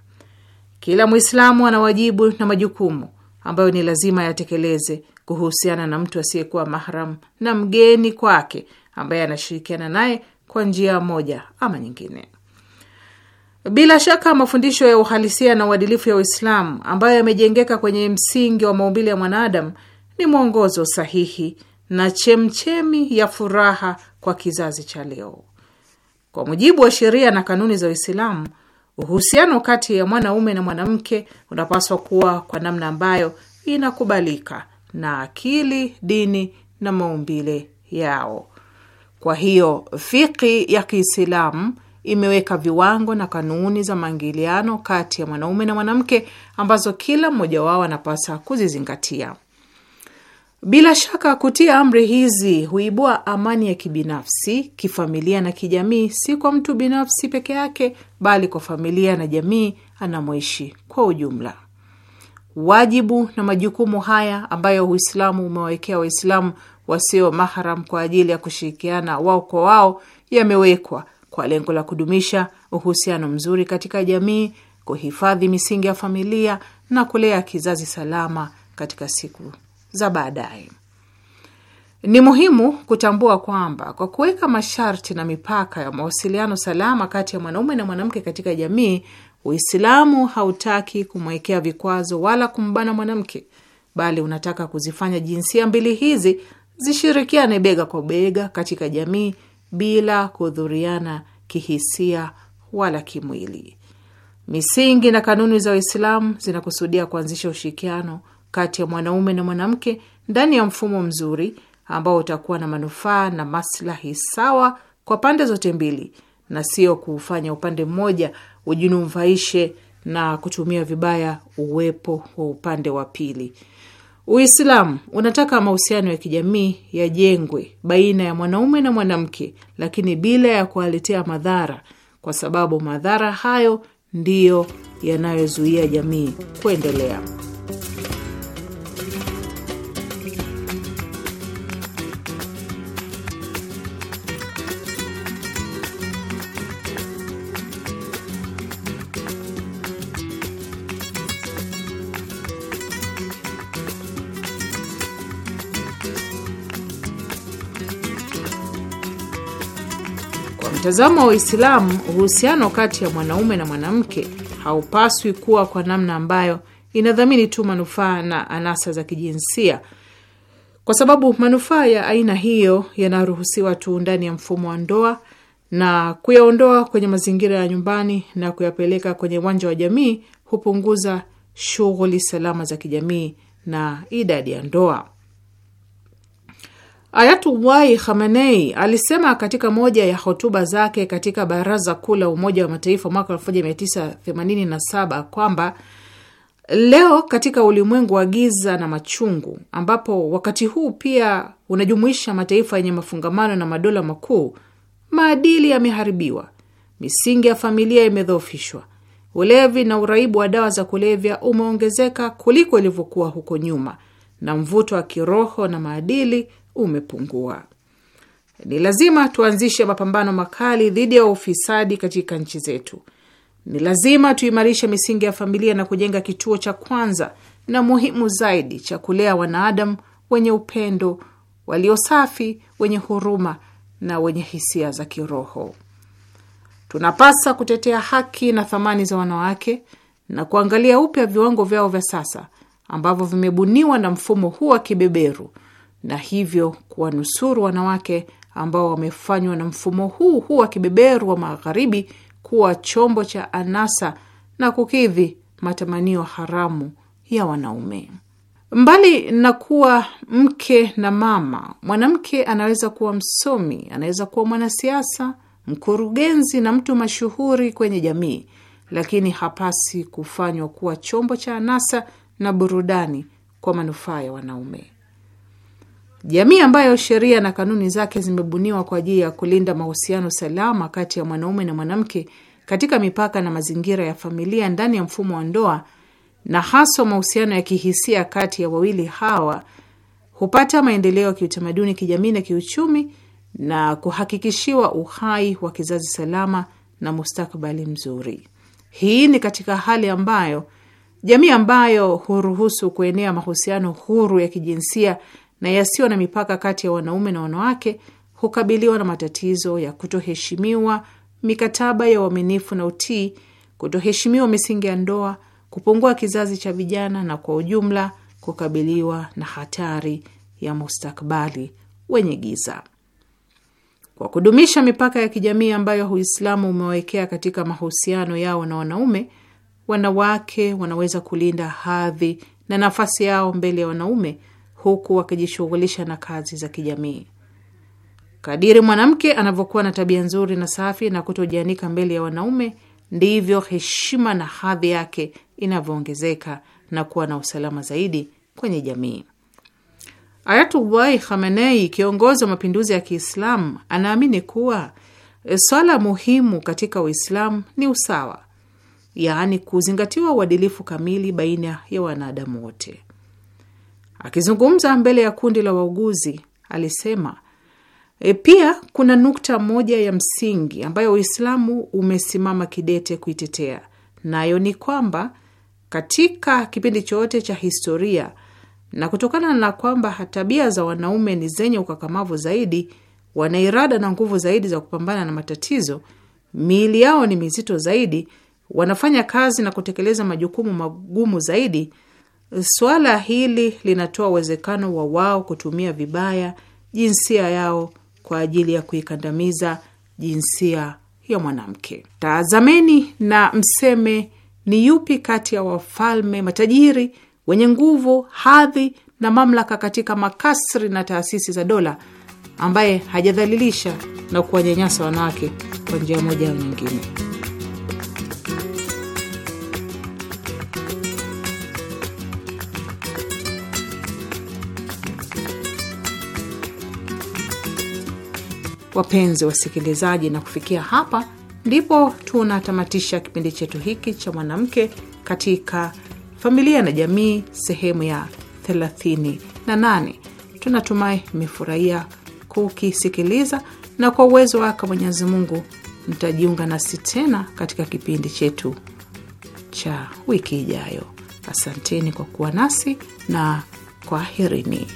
Kila Mwislamu ana wajibu na majukumu ambayo ni lazima yatekeleze kuhusiana na mtu asiyekuwa mahram na mgeni kwake ambaye anashirikiana naye kwa njia moja ama nyingine. Bila shaka mafundisho ya uhalisia na uadilifu ya Uislamu ambayo yamejengeka kwenye msingi wa maumbile ya mwanadamu ni mwongozo sahihi na chemchemi ya furaha kwa kizazi cha leo. Kwa mujibu wa sheria na kanuni za Uislamu, uhusiano kati ya mwanaume na mwanamke unapaswa kuwa kwa namna ambayo inakubalika na akili, dini na maumbile yao. Kwa hiyo fiki ya Kiislamu imeweka viwango na kanuni za maingiliano kati ya mwanaume na mwanamke ambazo kila mmoja wao anapasa kuzizingatia. Bila shaka kutia amri hizi huibua amani ya kibinafsi, kifamilia na kijamii, si kwa mtu binafsi peke yake, bali kwa familia na jamii anamoishi kwa ujumla. Wajibu na majukumu haya ambayo Uislamu umewawekea Waislamu wasio maharam kwa ajili ya kushirikiana wao kwa wao yamewekwa kwa lengo la kudumisha uhusiano mzuri katika jamii, kuhifadhi misingi ya familia na kulea kizazi salama katika siku za baadaye. Ni muhimu kutambua kwamba kwa kuweka masharti na mipaka ya mawasiliano salama kati ya mwanaume na mwanamke katika jamii, Uislamu hautaki kumwekea vikwazo wala kumbana mwanamke, bali unataka kuzifanya jinsia mbili hizi zishirikiane bega kwa bega katika jamii bila kudhuriana kihisia wala kimwili. Misingi na kanuni za Uislamu zinakusudia kuanzisha ushirikiano kati ya mwanaume na mwanamke ndani ya mfumo mzuri ambao utakuwa na manufaa na maslahi sawa kwa pande zote mbili, na sio kuufanya upande mmoja ujinufaishe na kutumia vibaya uwepo wa upande wa pili. Uislamu unataka mahusiano ya kijamii yajengwe baina ya mwanaume na mwanamke, lakini bila ya kuwaletea madhara, kwa sababu madhara hayo ndiyo yanayozuia jamii kuendelea. mtazamo wa Uislamu, uhusiano kati ya mwanaume na mwanamke haupaswi kuwa kwa namna ambayo inadhamini tu manufaa na anasa za kijinsia, kwa sababu manufaa ya aina hiyo yanaruhusiwa tu ndani ya mfumo wa ndoa, na kuyaondoa kwenye mazingira ya nyumbani na kuyapeleka kwenye uwanja wa jamii hupunguza shughuli salama za kijamii na idadi ya ndoa. Ayatullahi Khamenei alisema katika moja ya hotuba zake katika Baraza Kuu la Umoja wa Mataifa mwaka 1987 kwamba leo katika ulimwengu wa giza na machungu, ambapo wakati huu pia unajumuisha mataifa yenye mafungamano na madola makuu, maadili yameharibiwa, misingi ya familia imedhoofishwa, ulevi na uraibu wa dawa za kulevya umeongezeka kuliko ilivyokuwa huko nyuma na mvuto wa kiroho na maadili umepungua. Ni lazima tuanzishe mapambano makali dhidi ya ufisadi katika nchi zetu. Ni lazima tuimarishe misingi ya familia na kujenga kituo cha kwanza na muhimu zaidi cha kulea wanaadamu wenye upendo, walio safi, wenye huruma na wenye hisia za kiroho. Tunapasa kutetea haki na thamani za wanawake na kuangalia upya viwango vyao vya sasa ambavyo vimebuniwa na mfumo huu wa kibeberu na hivyo kuwanusuru wanawake ambao wamefanywa na mfumo huu huu wa kibeberu wa Magharibi kuwa chombo cha anasa na kukidhi matamanio haramu ya wanaume. Mbali na kuwa mke na mama, mwanamke anaweza kuwa msomi, anaweza kuwa mwanasiasa, mkurugenzi na mtu mashuhuri kwenye jamii, lakini hapasi kufanywa kuwa chombo cha anasa na burudani kwa manufaa ya wanaume. Jamii ambayo sheria na kanuni zake zimebuniwa kwa ajili ya kulinda mahusiano salama kati ya mwanaume na mwanamke katika mipaka na mazingira ya familia ndani ya mfumo wa ndoa, na haswa mahusiano ya kihisia kati ya wawili hawa, hupata maendeleo ya kiutamaduni, kijamii na kiuchumi na kuhakikishiwa uhai wa kizazi salama na mustakabali mzuri. Hii ni katika hali ambayo jamii ambayo huruhusu kuenea mahusiano huru ya kijinsia na yasiyo na mipaka kati ya wanaume na wanawake hukabiliwa na matatizo ya kutoheshimiwa mikataba ya uaminifu na utii, kutoheshimiwa misingi ya ndoa, kupungua kizazi cha vijana na kwa ujumla kukabiliwa na hatari ya mustakbali wenye giza. Kwa kudumisha mipaka ya kijamii ambayo Uislamu umewekea katika mahusiano yao na wanaume, wanawake wanaweza kulinda hadhi na nafasi yao mbele ya wanaume huku wakijishughulisha na kazi za kijamii. Kadiri mwanamke anavyokuwa na tabia nzuri na safi na kutojianika mbele ya wanaume, ndivyo heshima na hadhi yake inavyoongezeka na kuwa na usalama zaidi kwenye jamii. Ayatullahi Khamenei, kiongozi wa mapinduzi ya Kiislamu, anaamini kuwa swala muhimu katika Uislamu ni usawa yaani kuzingatiwa uadilifu kamili baina ya wanadamu wote. Akizungumza mbele ya kundi la wauguzi alisema e, pia kuna nukta moja ya msingi ambayo Uislamu umesimama kidete kuitetea, nayo ni kwamba katika kipindi chote cha historia na kutokana na kwamba tabia za wanaume ni zenye ukakamavu zaidi, wana irada na nguvu zaidi za kupambana na matatizo, miili yao ni mizito zaidi wanafanya kazi na kutekeleza majukumu magumu zaidi, swala hili linatoa uwezekano wa wao kutumia vibaya jinsia yao kwa ajili ya kuikandamiza jinsia ya mwanamke. Tazameni na mseme ni yupi kati ya wafalme matajiri wenye nguvu, hadhi na mamlaka katika makasri na taasisi za dola ambaye hajadhalilisha na kuwanyanyasa wanawake kwa njia moja au nyingine. wapenzi wasikilizaji, na kufikia hapa ndipo tunatamatisha kipindi chetu hiki cha mwanamke katika familia na jamii sehemu ya 38. Tunatumai mmefurahia kukisikiliza na kwa uwezo wake Mwenyezi Mungu mtajiunga nasi tena katika kipindi chetu cha wiki ijayo. Asanteni kwa kuwa nasi na kwaherini.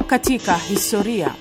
katika historia.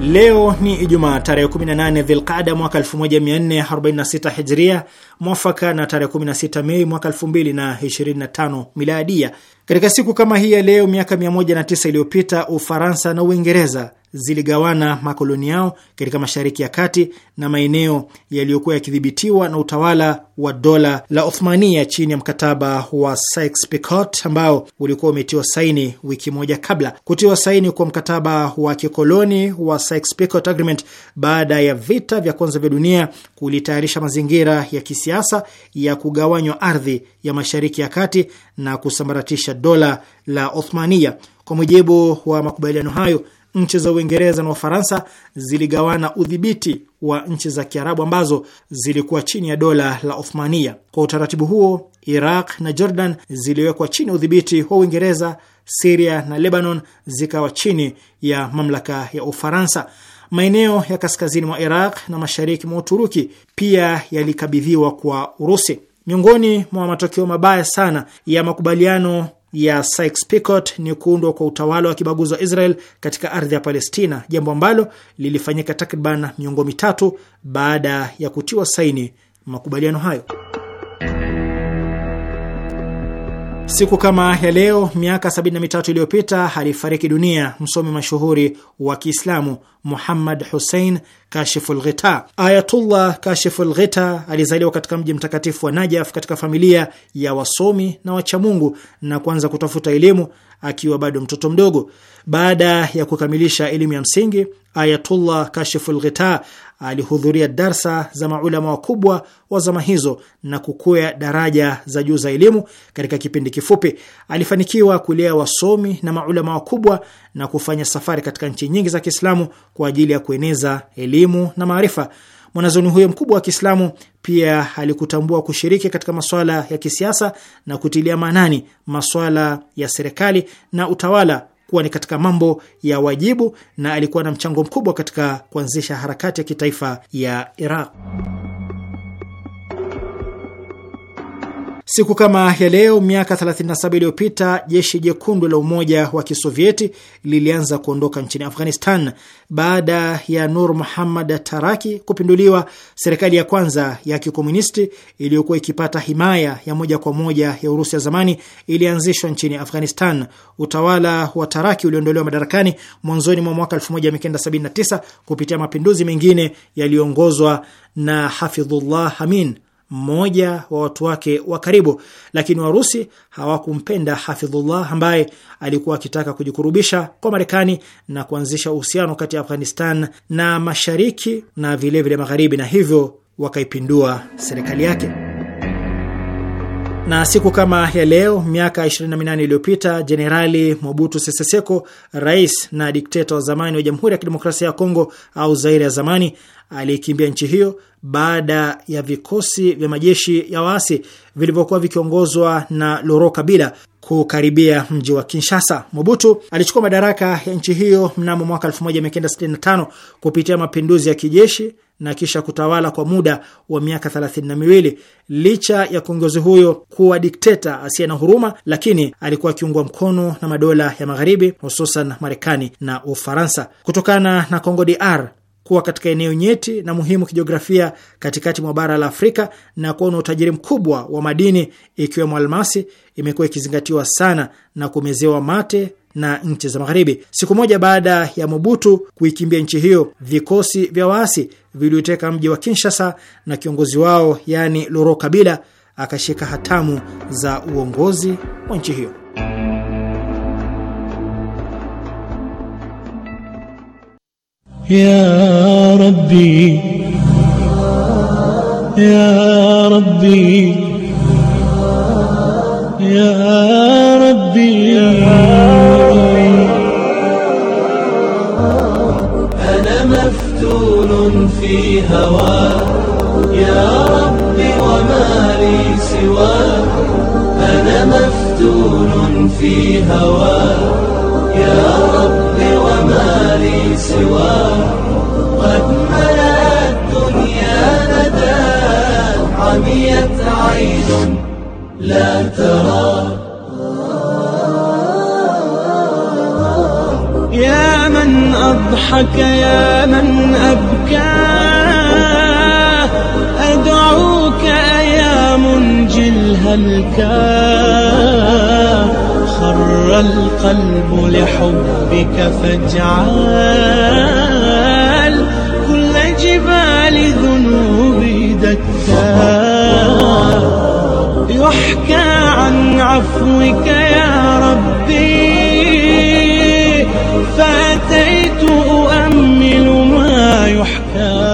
Leo ni Ijumaa tarehe 18 Dhilqada mwaka 1446 Hijria, mwafaka na tarehe 16 Mei mwaka 2025 Miladia. Katika siku kama hii ya leo, miaka 109 iliyopita, Ufaransa na Uingereza ziligawana makoloni yao katika Mashariki ya Kati na maeneo yaliyokuwa yakidhibitiwa na utawala wa dola la Othmania chini ya mkataba wa Sykes-Picot ambao ulikuwa umetiwa saini wiki moja kabla. Kutiwa saini kwa mkataba wa kikoloni wa Sykes-Picot Agreement baada ya vita vya kwanza vya dunia kulitayarisha mazingira ya kisiasa ya kugawanywa ardhi ya Mashariki ya Kati na kusambaratisha dola la Othmania. Kwa mujibu wa makubaliano hayo, nchi za Uingereza na Ufaransa ziligawana udhibiti wa nchi za Kiarabu ambazo zilikuwa chini ya dola la Othmania. Kwa utaratibu huo, Iraq na Jordan ziliwekwa chini ya udhibiti wa Uingereza, Siria na Lebanon zikawa chini ya mamlaka ya Ufaransa. Maeneo ya kaskazini mwa Iraq na mashariki mwa Uturuki pia yalikabidhiwa kwa Urusi. Miongoni mwa matokeo mabaya sana ya makubaliano ya Sykes-Picot ni kuundwa kwa utawala wa kibaguzi wa Israel katika ardhi ya Palestina, jambo ambalo lilifanyika takriban miongo mitatu baada ya kutiwa saini makubaliano hayo. Siku kama ya leo miaka 73 iliyopita alifariki dunia msomi mashuhuri wa Kiislamu Muhammad Hussein Kashiful Ghita. Ayatullah Kashiful Ghita alizaliwa katika mji mtakatifu wa Najaf katika familia ya wasomi na wachamungu na kuanza kutafuta elimu akiwa bado mtoto mdogo. Baada ya kukamilisha elimu ya msingi, Ayatullah Kashiful Ghita alihudhuria darsa za maulama wakubwa wa zama hizo na kukwea daraja za juu za elimu katika kipindi kifupi. Alifanikiwa kulea wasomi na maulama wakubwa na kufanya safari katika nchi nyingi za Kiislamu kwa ajili ya kueneza elimu na maarifa. Mwanazoni huyo mkubwa wa Kiislamu pia alikutambua kushiriki katika masuala ya kisiasa na kutilia maanani masuala ya serikali na utawala kuwa ni katika mambo ya wajibu na alikuwa na mchango mkubwa katika kuanzisha harakati ya kitaifa ya Iraq. Siku kama ya leo miaka 37 iliyopita jeshi jekundu la Umoja wa Kisovieti lilianza kuondoka nchini Afghanistan baada ya Nur Muhammad Taraki kupinduliwa. Serikali ya kwanza ya kikomunisti iliyokuwa ikipata himaya ya moja kwa moja ya Urusi ya zamani ilianzishwa nchini Afghanistan. Utawala wa Taraki uliondolewa madarakani mwanzoni mwa mwaka 1979 kupitia mapinduzi mengine yaliyoongozwa na Hafidhullah Amin mmoja wa watu wake wa karibu, lakini Warusi hawakumpenda Hafidhullah ambaye alikuwa akitaka kujikurubisha kwa Marekani na kuanzisha uhusiano kati ya Afghanistan na mashariki na vilevile vile magharibi, na hivyo wakaipindua serikali yake. Na siku kama ya leo miaka 28 iliyopita Jenerali Mobutu Sese Seko, rais na dikteta wa zamani wa Jamhuri ya Kidemokrasia ya Kongo au Zaire ya zamani, aliyekimbia nchi hiyo baada ya vikosi vya majeshi ya waasi vilivyokuwa vikiongozwa na Loro Kabila kukaribia mji wa Kinshasa. Mobutu alichukua madaraka ya nchi hiyo mnamo mwaka 1965 kupitia mapinduzi ya kijeshi na kisha kutawala kwa muda wa miaka thelathini na miwili. Licha ya kiongozi huyo kuwa dikteta asiye na huruma, lakini alikuwa akiungwa mkono na madola ya Magharibi, hususan Marekani na Ufaransa. Kutokana na Congo DR kuwa katika eneo nyeti na muhimu kijiografia katikati mwa bara la Afrika na kuwa na utajiri mkubwa wa madini ikiwemo almasi, imekuwa ikizingatiwa sana na kumezewa mate na nchi za Magharibi. Siku moja baada ya Mobutu kuikimbia nchi hiyo, vikosi vya waasi viliuteka mji wa Kinshasa na kiongozi wao yaani Loro Kabila akashika hatamu za uongozi wa nchi hiyo. يا ربي يا ربي يا ربي أنا مفتون في هوى يا ربي وما لي سوى أنا مفتون في هوى يا ربي لي سوى قد ملأت الدنيا ندى عميت عين لا ترى يا من أضحك يا من أبكى الكاف خر القلب لحبك فاجعل كل جبال ذنوبي دكا يحكى عن عفوك يا ربي فأتيت أؤمل ما يحكى